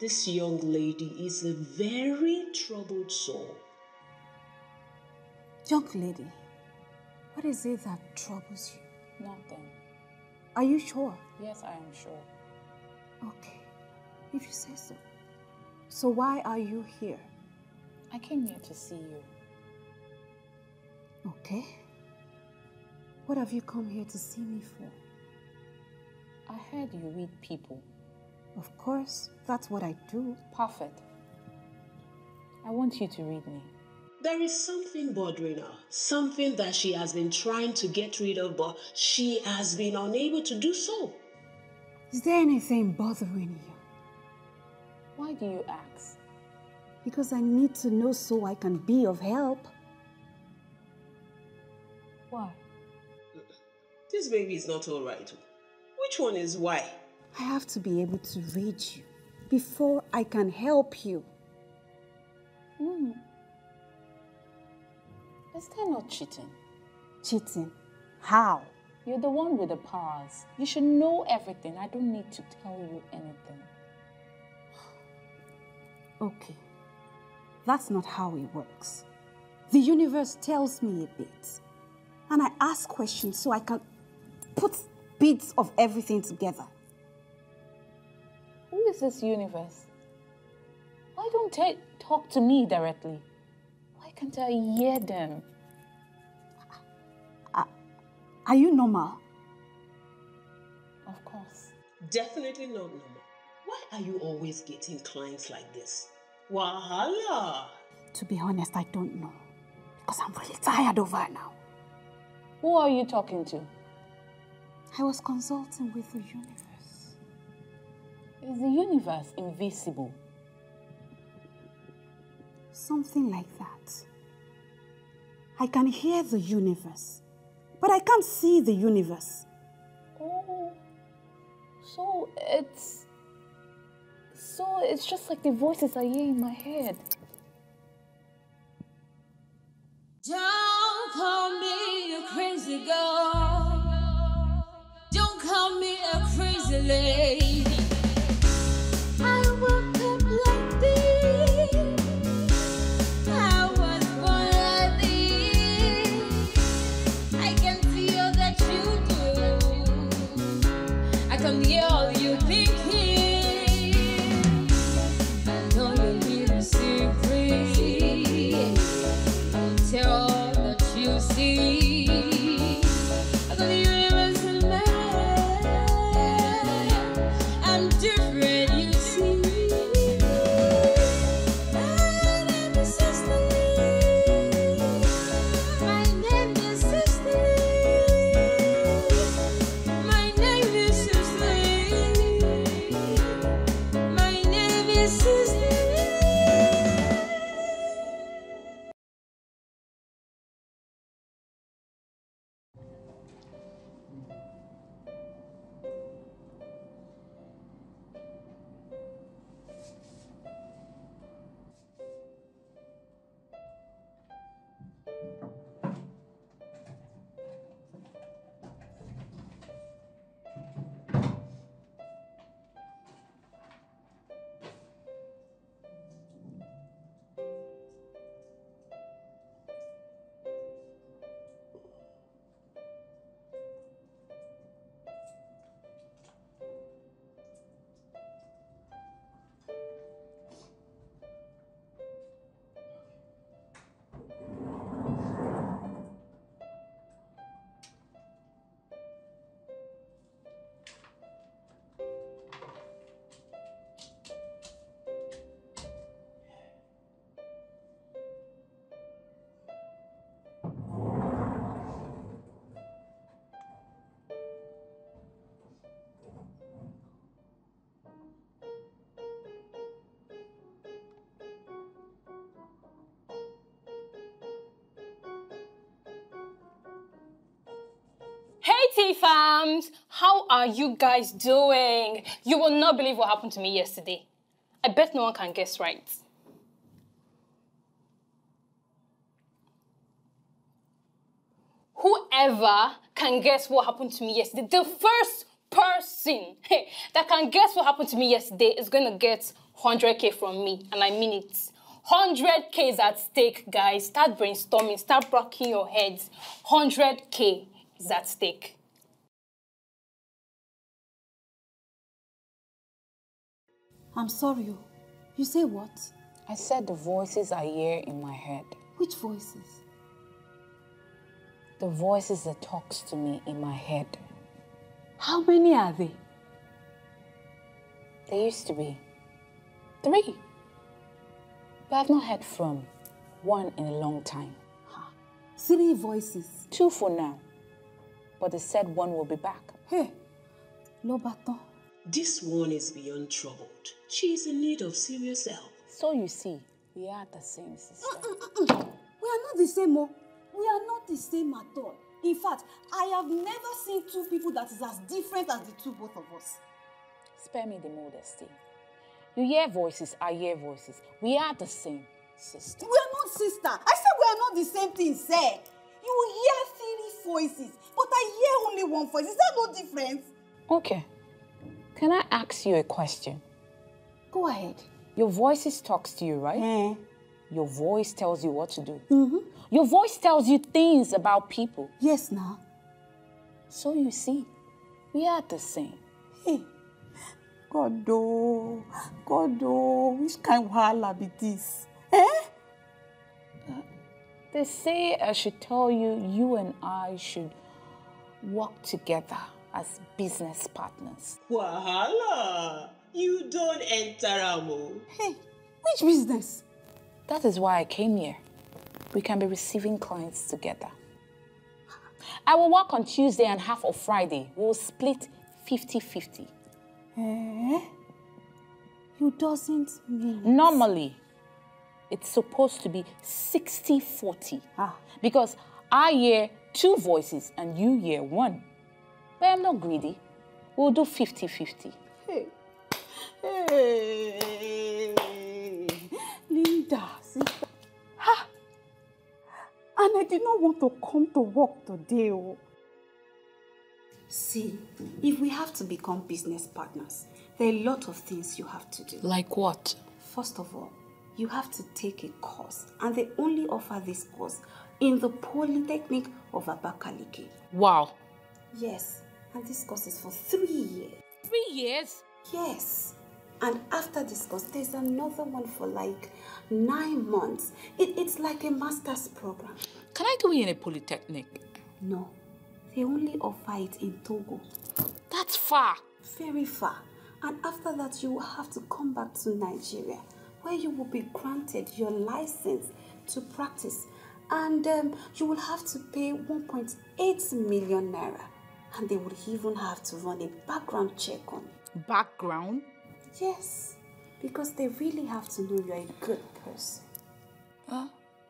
this young lady is a very troubled soul. Young lady, what is it that troubles you? Nothing. Are you sure? Yes, I am sure. Okay, if you say so. So why are you here? I came here to see you. Okay. What have you come here to see me for? I heard you read people. Of course, that's what I do. Perfect. I want you to read me. There is something bothering her, something that she has been trying to get rid of, but she has been unable to do so. Is there anything bothering you? Why do you ask? Because I need to know so I can be of help. Why? This baby is not all right. Which one is why? I have to be able to read you before I can help you. Mm. Is that not cheating? Cheating? How? You're the one with the powers. You should know everything. I don't need to tell you anything. Okay. That's not how it works. The universe tells me a bit. And I ask questions so I can put bits of everything together this universe, why don't they talk to me directly? Why can't I hear them? Are you normal? Of course. Definitely not normal. Why are you always getting clients like this? Wahala! To be honest, I don't know. Because I'm really tired of her now. Who are you talking to? I was consulting with the universe. Is the universe invisible? Something like that. I can hear the universe, but I can't see the universe. Oh, so it's. So it's just like the voices I hear in my head. Don't call me a crazy girl. Don't call me a crazy lady. you think he Hey fams, how are you guys doing? You will not believe what happened to me yesterday. I bet no one can guess right. Whoever can guess what happened to me yesterday, the first person that can guess what happened to me yesterday is going to get 100k from me, and I mean it. 100k is at stake, guys. Start brainstorming, start rocking your heads. 100k is at stake. I'm sorry. Oh. You say what? I said the voices I hear in my head. Which voices? The voices that talks to me in my head. How many are they? There used to be three. But I've not heard from one in a long time. Three voices? Two for now. But they said one will be back. Hey, Lobaton. This one is beyond troubled. She is in need of serious help. So you see, we are the same sister. Mm, mm, mm, we are not the same, oh. We are not the same at all. In fact, I have never seen two people that is as different as the two both of us. Spare me the modesty. You hear voices, I hear voices. We are the same sister. We are not sister. I said we are not the same thing, sir. You hear three voices, but I hear only one voice. Is that no difference? Okay. Can I ask you a question? Go ahead. Your voice talks to you, right? Yeah. Your voice tells you what to do. Mm -hmm. Your voice tells you things about people. Yes, na. So you see, we are the same. Hey, God, oh, God, oh, which kind of wahala be this? Eh? They say I should tell you, you and I should work together as business partners. Wahala! You don't enter Amo. Hey, which business? That is why I came here. We can be receiving clients together. I will work on Tuesday and half of Friday. We'll split 50-50. Eh? You doesn't mean... Normally, it's supposed to be 60-40. Ah. Because I hear two voices and you hear one. But I'm not greedy. We'll do 50-50. Hey. Hey. Linda, sister. Ha! And I did not want to come to work today. Oh. See, if we have to become business partners, there are a lot of things you have to do. Like what? First of all, you have to take a course, and they only offer this course in the Polytechnic of Abakaliki. Wow. Yes, and this course is for three years. Three years? Yes. And after this course, there's another one for like nine months. It, it's like a master's program. Can I do it in a polytechnic? No. They only offer it in Togo. That's far. Very far. And after that, you will have to come back to Nigeria, where you will be granted your license to practice. And um, you will have to pay 1.8 million naira and they would even have to run a background check on Background? Yes, because they really have to know you're a good person. Huh?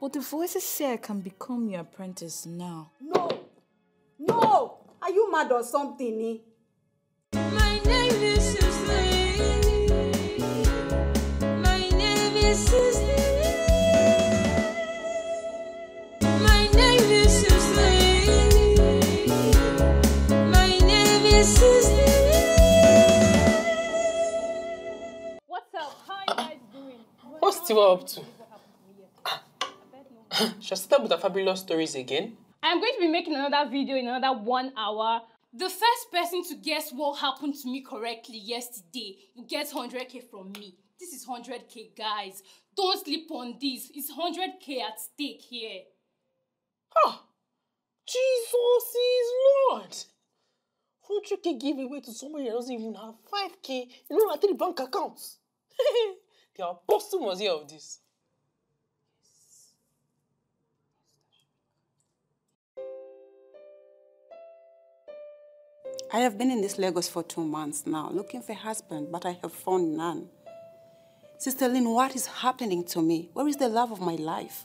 But the voices say I can become your apprentice now. No! No! Are you mad or something? Eh? My name is Susie. My name is Susie. see what up to. with the fabulous stories again. I'm going to be making another video in another one hour. The first person to guess what happened to me correctly yesterday will get 100k from me. This is 100k, guys. Don't sleep on this. It's 100k at stake here. Huh. Ah, Jesus is Lord. 100k given away to somebody that doesn't even have 5k in one of three bank accounts. The apostle must hear of this. I have been in this Lagos for two months now, looking for a husband, but I have found none. Sister Lynn, what is happening to me? Where is the love of my life?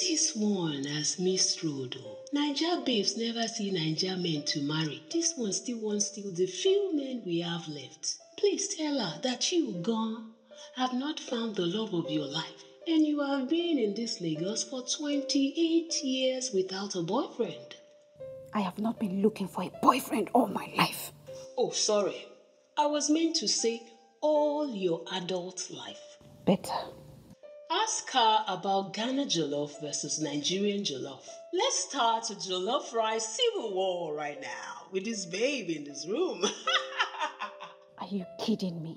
This one has missed road. Oh. Niger babes never see Niger men to marry. This one still wants steal the few men we have left. Please tell her that you gone have not found the love of your life and you have been in this Lagos for 28 years without a boyfriend. I have not been looking for a boyfriend all my life. Oh, sorry. I was meant to say all your adult life. Better. Ask her about Ghana Jollof versus Nigerian Jollof. Let's start a Jollof Rice Civil War right now with this babe in this room. Are you kidding me?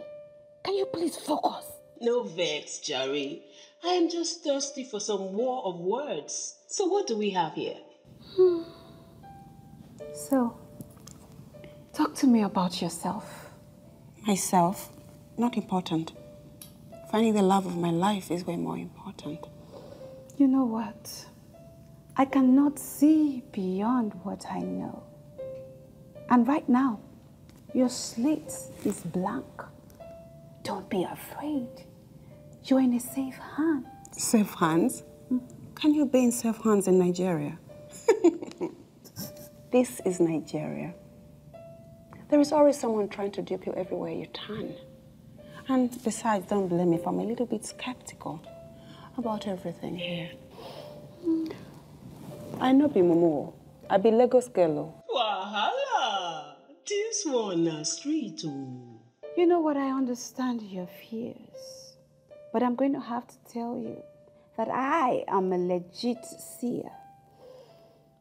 Can you please focus? No vex, Jerry. I am just thirsty for some war of words. So, what do we have here? Hmm. So, talk to me about yourself. Myself? Not important. Finding the love of my life is way more important. You know what? I cannot see beyond what I know. And right now, your slate is blank. Don't be afraid. You're in a safe hand. Safe hands? Mm-hmm. Can you be in safe hands in Nigeria? this is Nigeria. There is always someone trying to dupe you everywhere you turn. And besides, don't blame me if I'm a little bit skeptical about everything here. Mm. I know be Momo. I be Lagos girl. Wahala! This one a street. You know what? I understand your fears. But I'm going to have to tell you that I am a legit seer.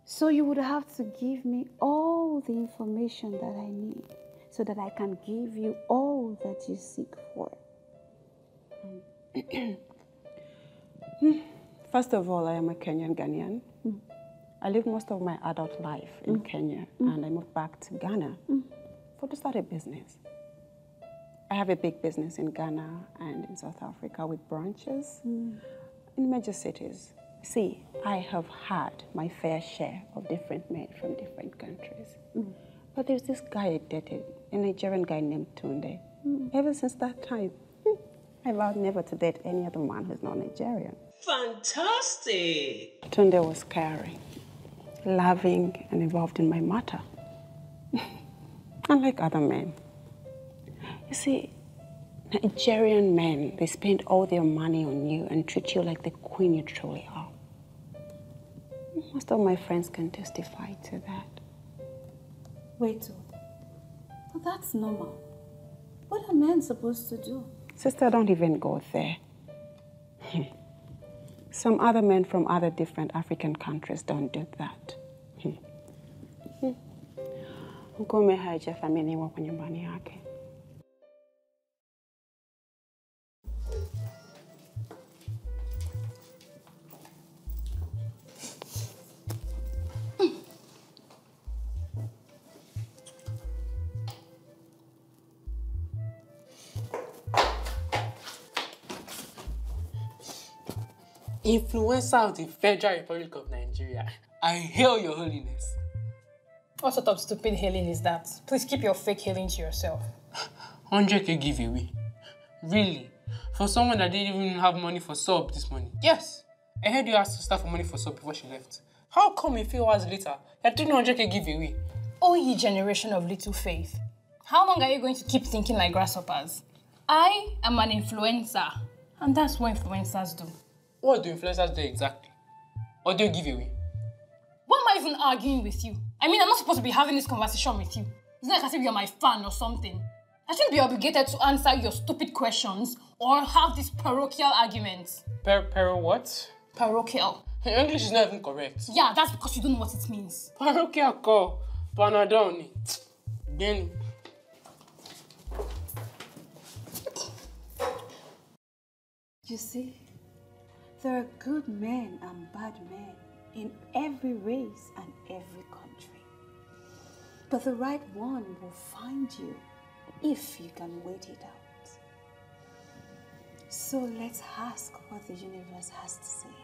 So you would have to give me all the information that I need so that I can give you all that you seek for. First of all, I am a Kenyan Ghanaian. Mm. I lived most of my adult life in mm. Kenya mm. and I moved back to Ghana hmm. for to start a business. I have a big business in Ghana and in South Africa with branches mm. in major cities. See, I have had my fair share of different men from different countries. Mm. But there's this guy I dated, a Nigerian guy named Tunde. Mm. Ever since that time, hmm, I vowed never to date any other man who's not Nigerian. Fantastic! Tunde was caring, loving, and involved in my matter. Unlike other men, you see, Nigerian men, they spend all their money on you and treat you like the queen you truly are. Most of my friends can testify to that. Wait, well, oh. that's normal. What are men supposed to do? Sister, don't even go there. Some other men from other different African countries don't do that. Mkuu umehaja kwa nyumbani yake. Influencer of the Federal Republic of Nigeria. I hail your holiness. What sort of stupid hailing is that? Please keep your fake hailing to yourself. 100k giveaway. Really? For someone that didn't even have money for sub this morning? Yes. I heard you asked Sister for money for sub before she left. How come a few hours later, you're doing 100k giveaway? Oh, ye generation of little faith. How long are you going to keep thinking like grasshoppers? I am an influencer, and that's what influencers do. What do influencers do exactly? What do you give away? Why am I even arguing with you? I mean, I'm not supposed to be having this conversation with you. It's not like as if you're my fan or something. I shouldn't be obligated to answer your stupid questions or have these parochial arguments. Per, per what? Parochial. Your English is not even correct. Yeah, that's because you don't know what it means. Parochial call. Panadoni. Then. You see? There are good men and bad men in every race and every country. But the right one will find you if you can wait it out. So let's ask what the universe has to say.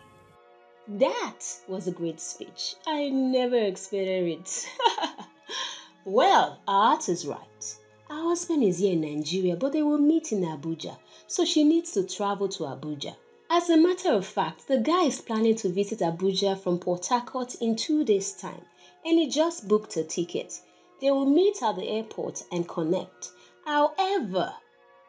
That was a great speech. I never expected it. well, Art is right. Our husband is here in Nigeria, but they will meet in Abuja, so she needs to travel to Abuja. As a matter of fact, the guy is planning to visit Abuja from Port Harcourt in two days' time, and he just booked a ticket. They will meet at the airport and connect. However,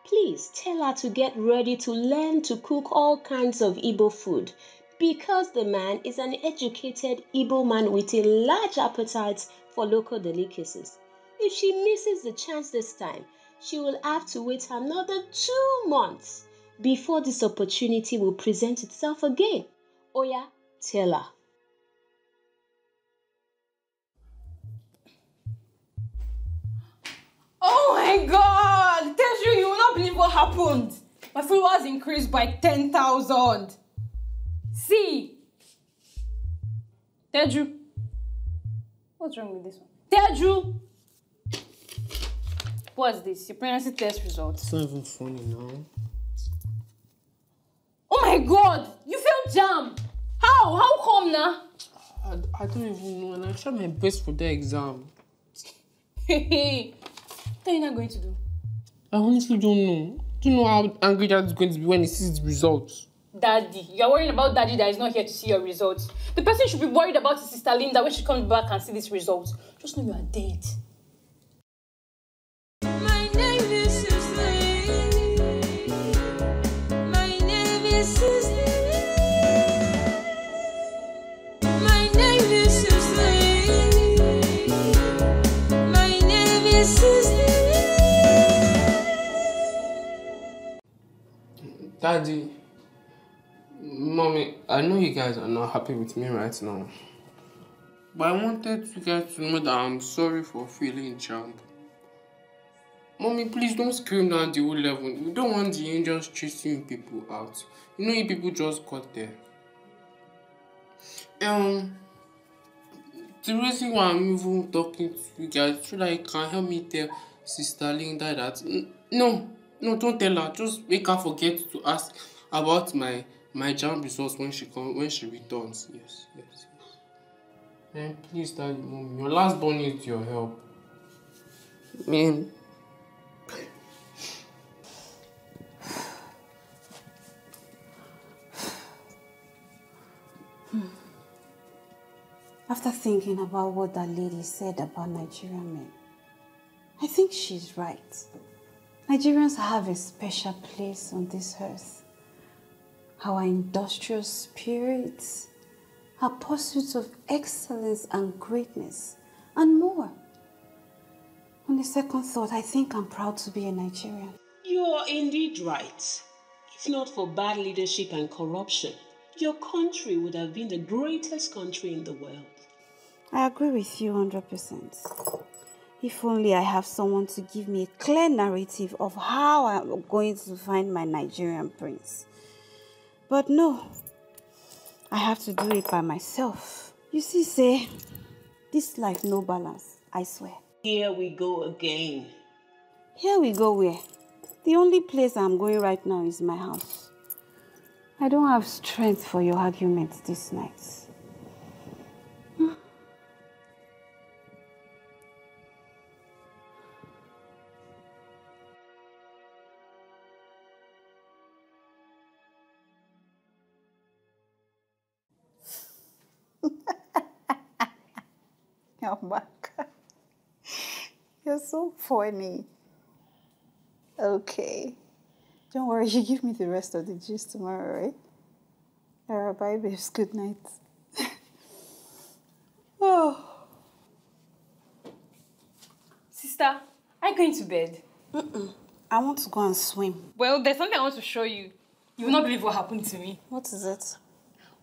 please tell her to get ready to learn to cook all kinds of Igbo food because the man is an educated Igbo man with a large appetite for local delicacies. If she misses the chance this time, she will have to wait another two months before this opportunity will present itself again. Oya, tell her. Oh my god! Tell you, you will not believe what happened. My followers increased by 10,000. See? Teju. What's wrong with this one? Teju! What's this? Your pregnancy test results. It's not even funny now. my god! You failed jam! How? How come now? I, I don't even know, and I tried my best for that exam. Hey, what are you not going to do? I honestly don't know. Do you know how angry Dad is going to be when he sees the results? Daddy, you're worrying about Daddy that is not here to see your results. The person should be worried about his sister Linda when she comes back and see these results. Just know you are dead. Daddy, Mommy, I know you guys are not happy with me right now. But I wanted you guys to know that I'm sorry for feeling jump. Mommy, please don't scream down the whole level. We don't want the angels chasing people out. You know, you people just got there. Um, the reason why I'm even talking to you guys so that you can help me tell Sister Linda that no, no don't tell her just make her forget to ask about my my job results when she come when she returns yes yes yes um please daddy mom your last born needs your help man hmm. After thinking about what that lady said about Nigerian men, I think she's right. Nigerians have a special place on this earth. Our industrial spirits, our pursuits of excellence and greatness, and more. On the second thought, I think I'm proud to be a Nigerian. You are indeed right. If not for bad leadership and corruption, your country would have been the greatest country in the world. I agree with you 100%. If only I have someone to give me a clear narrative of how I'm going to find my Nigerian prince. But no, I have to do it by myself. You see, say, this life no balance, I swear. Here we go again. Here we go where? The only place I'm going right now is my house. I don't have strength for your arguments this night. god, You're so funny. Okay. Don't worry, you give me the rest of the juice tomorrow, right? Alright, bye babes, good night. oh. Sister, are you going to bed? Mm-mm. I want to go and swim. Well, there's something I want to show you. You will not believe what happened to me. What is it?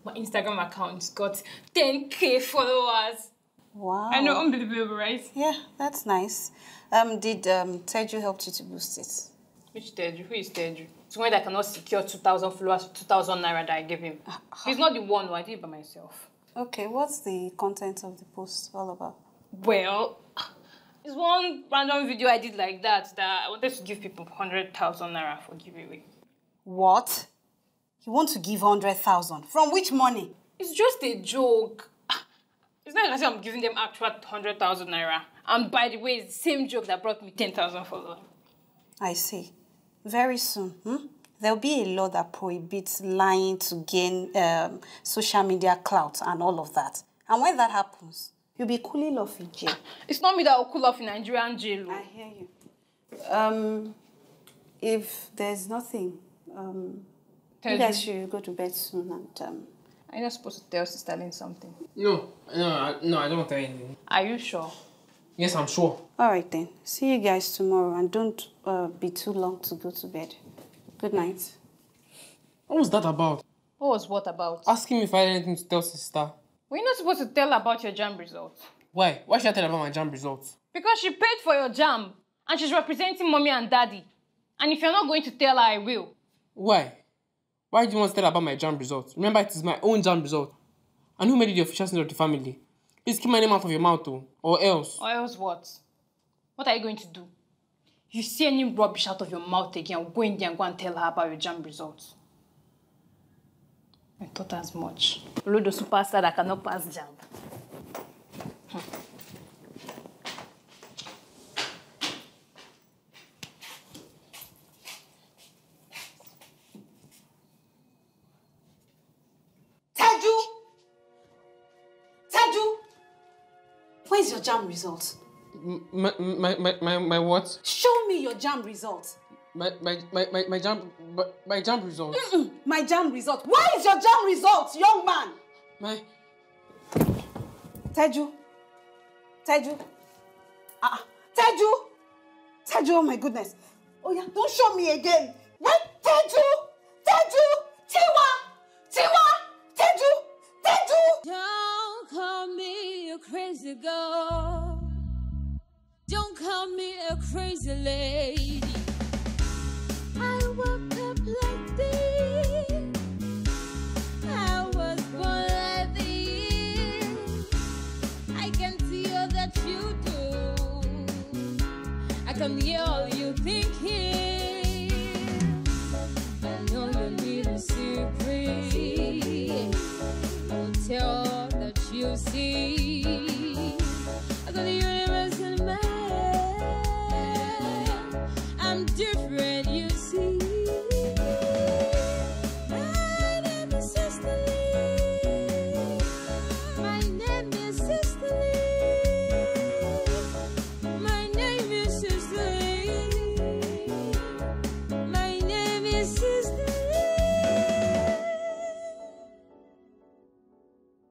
My Instagram account got 10k followers. Wow. I know, unbelievable, right? Yeah, that's nice. Um, did um, Teju help you to boost it? Which Teju? Who is Teju? Someone that cannot secure 2,000 followers, 2,000 naira that I gave him. Uh He's not the one, I did it by myself. Okay, what's the content of the post all about? Well, it's one random video I did like that, that I wanted to give people 100,000 naira for giveaway. What? You want to give 100,000? From which money? It's just a joke. It's not like I'm giving them actual 100,000 naira. And by the way, it's the same joke that brought me 10,000 followers. I see. Very soon, hmm? there'll be a law that prohibits lying to gain um, social media clout and all of that. And when that happens, you'll be cooling off in jail. It's not me that will cool off in Nigerian jail. Oh. I hear you. Um, if there's nothing, um, Tell you guys should go to bed soon and um, are you not supposed to tell Sister Lynn something? No, no, no, I don't tell anything. Are you sure? Yes, I'm sure. All right then. See you guys tomorrow and don't uh, be too long to go to bed. Good night. What was that about? What was what about? Asking me if I had anything to tell Sister. We're not supposed to tell about your jam results. Why? Why should I tell about my jam results? Because she paid for your jam and she's representing mommy and daddy. And if you're not going to tell her, I will. Why? Why do you want to tell about my jam results? Remember, it is my own jam result. And who made it the official sin of the family? Please keep my name out of your mouth, too. Or else. Or else what? What are you going to do? If you see any rubbish out of your mouth again, I'll go in there and go and tell her about your jam results. I thought as much. the superstar that cannot pass jam. Hmm. Where's your jam result? My, my, my, my, my what? Show me your jam result. My, my, my, my, my jam, my, my jam result. Mm -mm, my jam result. Where is your jam result, young man? My... Teju. Teju. Ah, uh, Teju. Teju, oh my goodness. Oh yeah, don't show me again. What? Teju. Teju. Tiwa. Tiwa. Teju. Teju. Teju. Yeah days ago. Don't call me a crazy lady. I woke up like this. I was born like this. I can see all that you do. I can hear all you think here. see. I got the